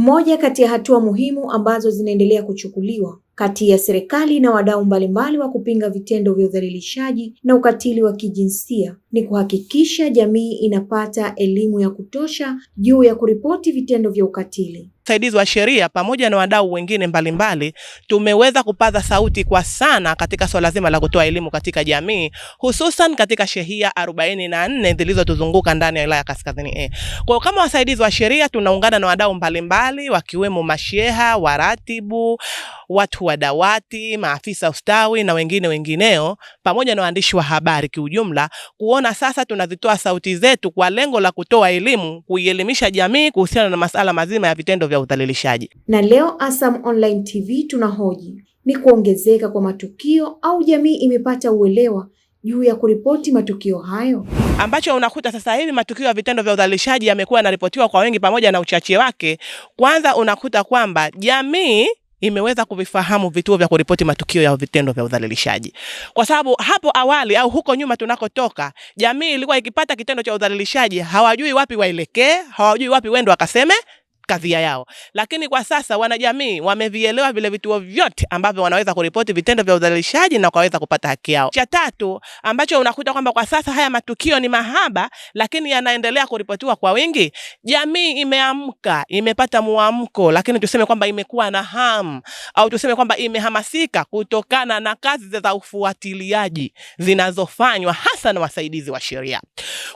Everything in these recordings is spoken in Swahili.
Moja kati ya hatua muhimu ambazo zinaendelea kuchukuliwa kati ya serikali na wadau mbalimbali wa kupinga vitendo vya udhalilishaji na ukatili wa kijinsia ni kuhakikisha jamii inapata elimu ya kutosha juu ya kuripoti vitendo vya ukatili msaidizi wa sheria pamoja na wadau wengine mbalimbali mbali, tumeweza kupaza sauti kwa sana katika swala zima la kutoa elimu katika jamii, hususan katika shehia 44 zilizotuzunguka ndani ya wilaya Kaskazini A. Kwa kama wasaidizi wa sheria tunaungana na wadau mbalimbali wakiwemo masheha, waratibu, watu wa dawati, maafisa ustawi na wengine wengineo, pamoja na waandishi wa habari kiujumla, kuona sasa tunazitoa sauti zetu kwa lengo la kutoa elimu, kuielimisha jamii kuhusiana na masala mazima ya vitendo vya ya udhalilishaji. Na leo Asam Online TV tunahoji ni kuongezeka kwa matukio au jamii imepata uelewa juu ya kuripoti matukio hayo, ambacho unakuta sasa hivi matukio ya vitendo vya udhalilishaji yamekuwa yanaripotiwa kwa wengi, pamoja na uchache wake. Kwanza unakuta kwamba jamii imeweza kuvifahamu vituo vya kuripoti matukio ya vitendo vya udhalilishaji, kwa sababu hapo awali au huko nyuma tunakotoka, jamii ilikuwa ikipata kitendo cha udhalilishaji hawajui wapi waelekee, hawajui wapi wendo wakaseme kadhia yao, lakini kwa sasa wanajamii wamevielewa vile vituo vyote ambavyo wanaweza kuripoti vitendo vya udhalilishaji na kwaweza kupata haki yao. Cha tatu ambacho unakuta kwamba kwa sasa haya matukio ni mahaba, lakini yanaendelea kuripotiwa kwa wingi. Jamii imeamka, imepata muamko, lakini tuseme kwamba imekuwa na hamu au tuseme kwamba imehamasika kutokana na kazi za ufuatiliaji zinazofanywa hasa na wasaidizi wa sheria,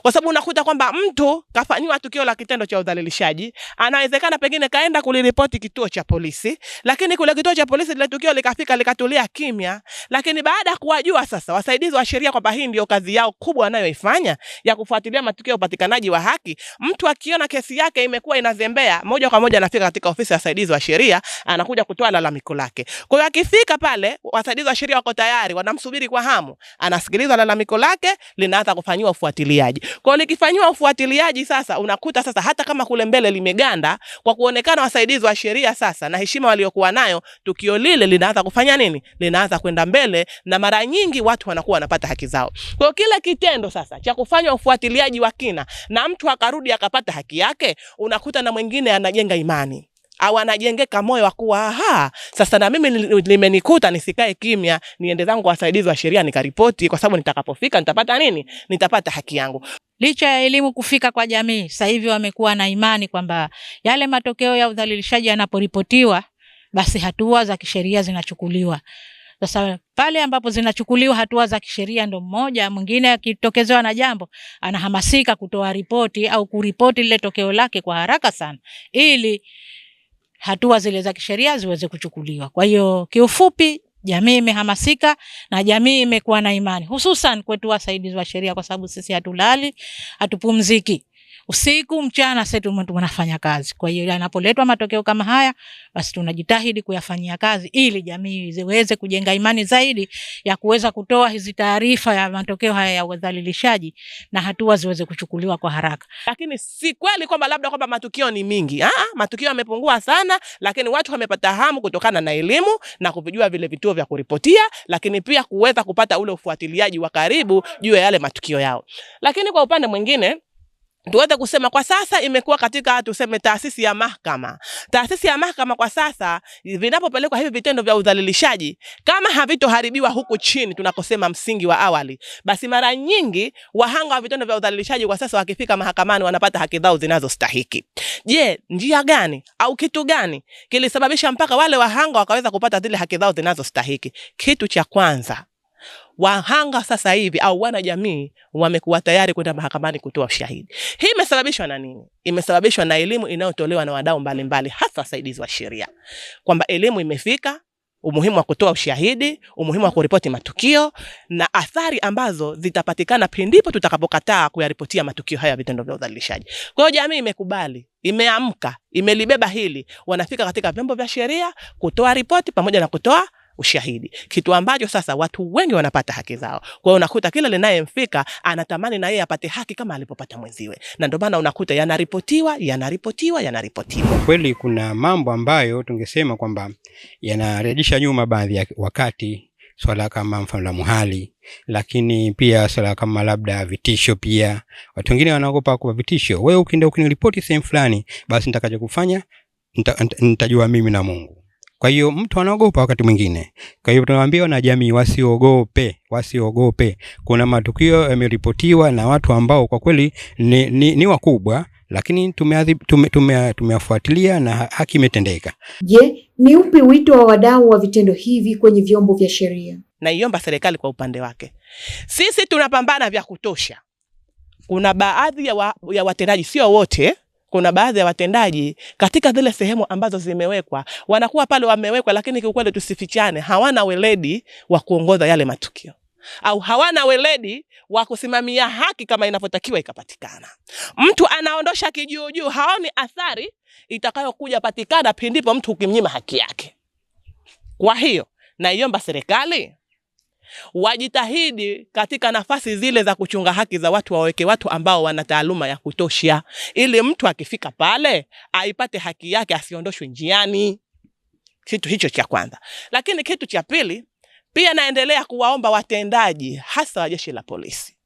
kwa sababu unakuta kwamba mtu kafanyiwa tukio la kitendo cha udhalilishaji anaweza inawezekana pengine kaenda kuliripoti kituo cha polisi, lakini kule kituo cha polisi lile tukio likafika likatulia kimya. Lakini baada ya kuwajua sasa wasaidizi wa sheria kwamba hii ndio kazi yao kubwa wanayoifanya ya kufuatilia matukio ya upatikanaji wa haki, mtu akiona kesi yake imekuwa inazembea, moja kwa moja anafika katika ofisi ya wasaidizi wa sheria, anakuja kutoa lalamiko lake. Kwa hiyo akifika pale, wasaidizi wa sheria wako tayari, wanamsubiri kwa hamu, anasikiliza lalamiko lake, linaanza kufanyiwa ufuatiliaji. Kwa hiyo likifanyiwa ufuatiliaji sasa unakuta sasa hata kama kule mbele limeganda, kwa kuonekana wasaidizi wa sheria sasa na heshima waliokuwa nayo, tukio lile linaanza kufanya nini? Linaanza kwenda mbele, na mara nyingi watu wanakuwa wanapata haki zao. Kwa hiyo kila kitendo sasa cha kufanya ufuatiliaji wa kina na mtu akarudi akapata haki yake, unakuta na mwingine anajenga imani au anajengeka moyo wa kuwa aha, sasa na mimi limenikuta, nisikae kimya, niende zangu wasaidizi wa sheria nikaripoti, kwa sababu nitakapofika nitapata nini? Nitapata haki yangu. Licha ya elimu kufika kwa jamii, sasa hivi wamekuwa na imani kwamba yale matokeo ya udhalilishaji yanaporipotiwa, basi hatua za kisheria zinachukuliwa. Sasa pale ambapo zinachukuliwa hatua za kisheria, ndo mmoja mwingine akitokezewa na jambo anahamasika kutoa ripoti au kuripoti lile tokeo lake kwa haraka sana, ili hatua zile za kisheria ziweze kuchukuliwa. Kwa hiyo kiufupi jamii imehamasika na jamii imekuwa na imani, hususan kwetu wasaidizi wa sheria, kwa sababu sisi hatulali, hatupumziki usiku mchana, sasa tunafanya kazi. Kwa hiyo yanapoletwa matokeo kama haya, basi tunajitahidi kuyafanyia kazi ili jamii ziweze kujenga imani zaidi ya kuweza kutoa hizi taarifa ya matokeo haya ya udhalilishaji na hatua ziweze kuchukuliwa kwa haraka. Lakini si kweli kwamba labda kwamba matukio ni mingi. Ah, ah matukio yamepungua sana, lakini watu wamepata hamu kutokana na elimu na kuvijua vile vituo vya kuripotia, lakini pia kuweza kupata ule ufuatiliaji wa karibu juu ya yale matukio yao. Lakini kwa upande mwingine tuweze kusema kwa sasa imekuwa katika tuseme taasisi ya mahakama. Taasisi ya mahakama kwa sasa vinapopelekwa hivi vitendo vya udhalilishaji, kama havitoharibiwa huku chini tunakosema msingi wa awali, basi mara nyingi wahanga wa vitendo vya udhalilishaji kwa sasa wakifika mahakamani wanapata haki zao zinazostahiki. Je, njia gani au kitu gani kilisababisha mpaka wale wahanga wakaweza kupata zile haki zao zinazostahiki? Kitu cha kwanza wahanga sasa hivi au wana jamii wamekuwa tayari kwenda mahakamani kutoa ushahidi. Hii imesababishwa na nini? Imesababishwa na elimu inayotolewa na wadau mbalimbali, hasa wasaidizi wa sheria, kwamba elimu imefika umuhimu wa kutoa ushahidi, umuhimu wa kuripoti matukio na athari ambazo zitapatikana pindipo tutakapokataa kuyaripotia matukio haya ya vitendo vya udhalilishaji. Kwa hiyo jamii imekubali, imeamka, imelibeba hili, wanafika katika vyombo vya sheria kutoa ripoti pamoja na kutoa ushahidi, kitu ambacho sasa watu wengi wanapata haki zao. Kwa hiyo unakuta kila linayemfika anatamani na yeye apate haki kama alipopata mwenziwe, na ndio maana unakuta yanaripotiwa, yanaripotiwa, yanaripotiwa. Kweli kuna mambo ambayo tungesema kwamba yanarejesha nyuma baadhi ya wakati swala kama mfano la muhali, lakini pia swala kama labda vitisho. Pia watu wengine wanaogopa kwa vitisho, wewe ukienda ukiniripoti sehemu fulani, basi nitakacho kufanya nitajua mimi na Mungu. Kwa hiyo mtu anaogopa wakati mwingine. Kwa hiyo tunawaambia jamii wasiogope, wasiogope. Kuna matukio yameripotiwa na watu ambao kwa kweli ni, ni, ni wakubwa lakini tumewafuatilia tume, tume na haki imetendeka. Je, ni upi wito wa wadau wa vitendo hivi kwenye vyombo vya sheria? Naiomba serikali kwa upande wake, sisi tunapambana vya kutosha. Kuna baadhi ya, wa, ya watendaji, sio wote, kuna baadhi ya watendaji katika zile sehemu ambazo zimewekwa wanakuwa pale wamewekwa, lakini kiukweli tusifichane, hawana weledi wa kuongoza yale matukio au hawana weledi wa kusimamia haki kama inavyotakiwa ikapatikana. Mtu anaondosha kijuujuu, haoni athari itakayokuja patikana pindipo mtu ukimnyima haki yake. Kwa hiyo naiomba serikali wajitahidi katika nafasi zile za kuchunga haki za watu, waweke watu ambao wana taaluma ya kutosha, ili mtu akifika pale aipate haki yake, asiondoshwe njiani. Kitu hicho cha kwanza, lakini kitu cha pili pia naendelea kuwaomba watendaji, hasa wa jeshi la polisi,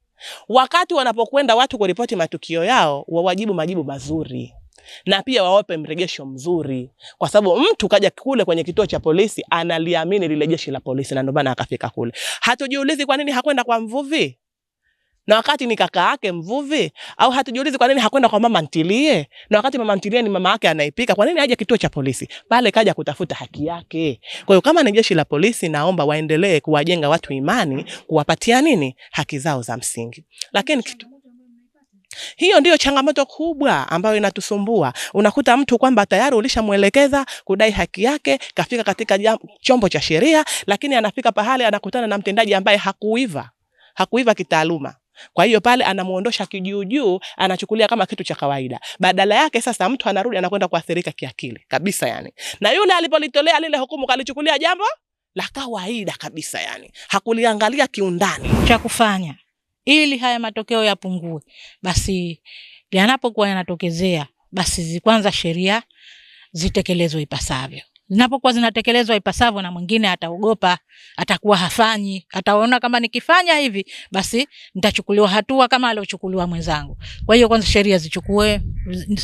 wakati wanapokwenda watu kuripoti matukio yao, wawajibu majibu mazuri na pia wawape mrejesho mzuri, kwa sababu mtu kaja kule kwenye kituo cha polisi analiamini lile jeshi la polisi, na ndio maana akafika kule. Hatujiulizi kwa nini hakwenda kwa mvuvi na wakati ni kaka yake mvuvi, au hatujiulizi kwa nini hakwenda kwa mama ntilie, na wakati mama ntilie ni mama yake anaipika. Kwa nini aje kituo cha polisi? Pale kaja kutafuta haki yake. Kwa hiyo kama ni jeshi la polisi, naomba waendelee kuwajenga watu imani, kuwapatia nini haki zao za msingi, lakini kitu hiyo ndiyo changamoto kubwa ambayo inatusumbua. Unakuta mtu kwamba tayari ulishamwelekeza kudai haki yake, kafika katika jam, chombo cha sheria, lakini anafika pahali anakutana na mtendaji ambaye hakuiva, hakuiva kitaaluma. Kwa hiyo pale anamuondosha kijuujuu, anachukulia kama kitu cha kawaida. Badala yake sasa mtu anarudi anakwenda kuathirika kiakili kabisa yani. Na yule alipolitolea lile hukumu kalichukulia jambo la kawaida kabisa yani. Hakuliangalia kiundani. Cha kufanya ili haya matokeo yapungue. Basi yanapokuwa yanatokezea, basi kwanza sheria zitekelezwe ipasavyo. Zinapokuwa zinatekelezwa ipasavyo, na mwingine ataogopa, atakuwa hafanyi, ataona kama nikifanya hivi basi nitachukuliwa hatua kama aliochukuliwa mwenzangu. Kwa hiyo kwanza sheria zichukue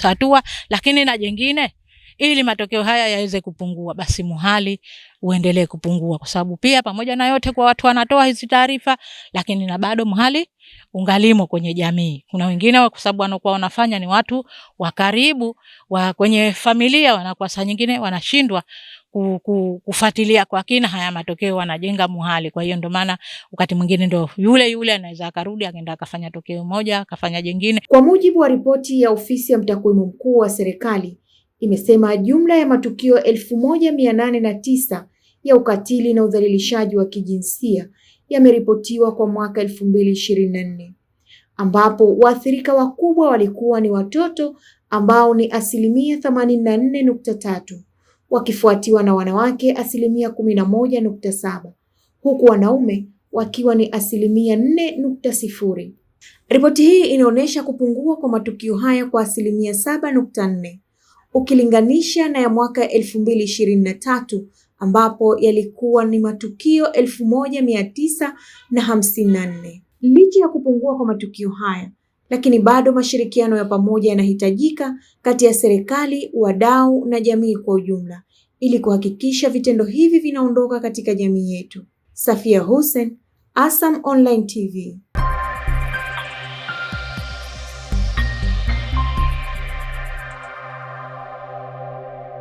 hatua, lakini na jengine, ili matokeo haya yaweze kupungua, basi muhali uendelee kupungua, kwa sababu pia pamoja na yote kwa watu wanatoa hizi taarifa, lakini na bado mhali ungalimo kwenye jamii. Kuna wengine kwa sababu wanakuwa wanafanya ni watu wa karibu wa kwenye familia, wanakuwa saa nyingine wanashindwa kufuatilia kwa kina haya matokeo, wanajenga muhali. Kwa hiyo ndo maana wakati mwingine ndo yule yule anaweza akarudi akaenda akafanya tokeo moja akafanya jingine. Kwa mujibu wa ripoti ya ofisi ya mtakwimu mkuu wa serikali, imesema jumla ya matukio elfu moja mia nane na tisa ya ukatili na udhalilishaji wa kijinsia yameripotiwa kwa mwaka 2024 ambapo waathirika wakubwa walikuwa ni watoto ambao ni asilimia 84.3 wakifuatiwa na wanawake asilimia 11.7 huku wanaume wakiwa ni asilimia 4.0. Ripoti hii inaonyesha kupungua kwa matukio haya kwa asilimia 7.4 ukilinganisha na ya mwaka ambapo yalikuwa ni matukio elfu moja mia tisa na hamsini na nne. Licha ya kupungua kwa matukio haya, lakini bado mashirikiano ya pamoja yanahitajika kati ya serikali, wadau na jamii kwa ujumla ili kuhakikisha vitendo hivi vinaondoka katika jamii yetu. Safia Hussein, ASAM Online TV.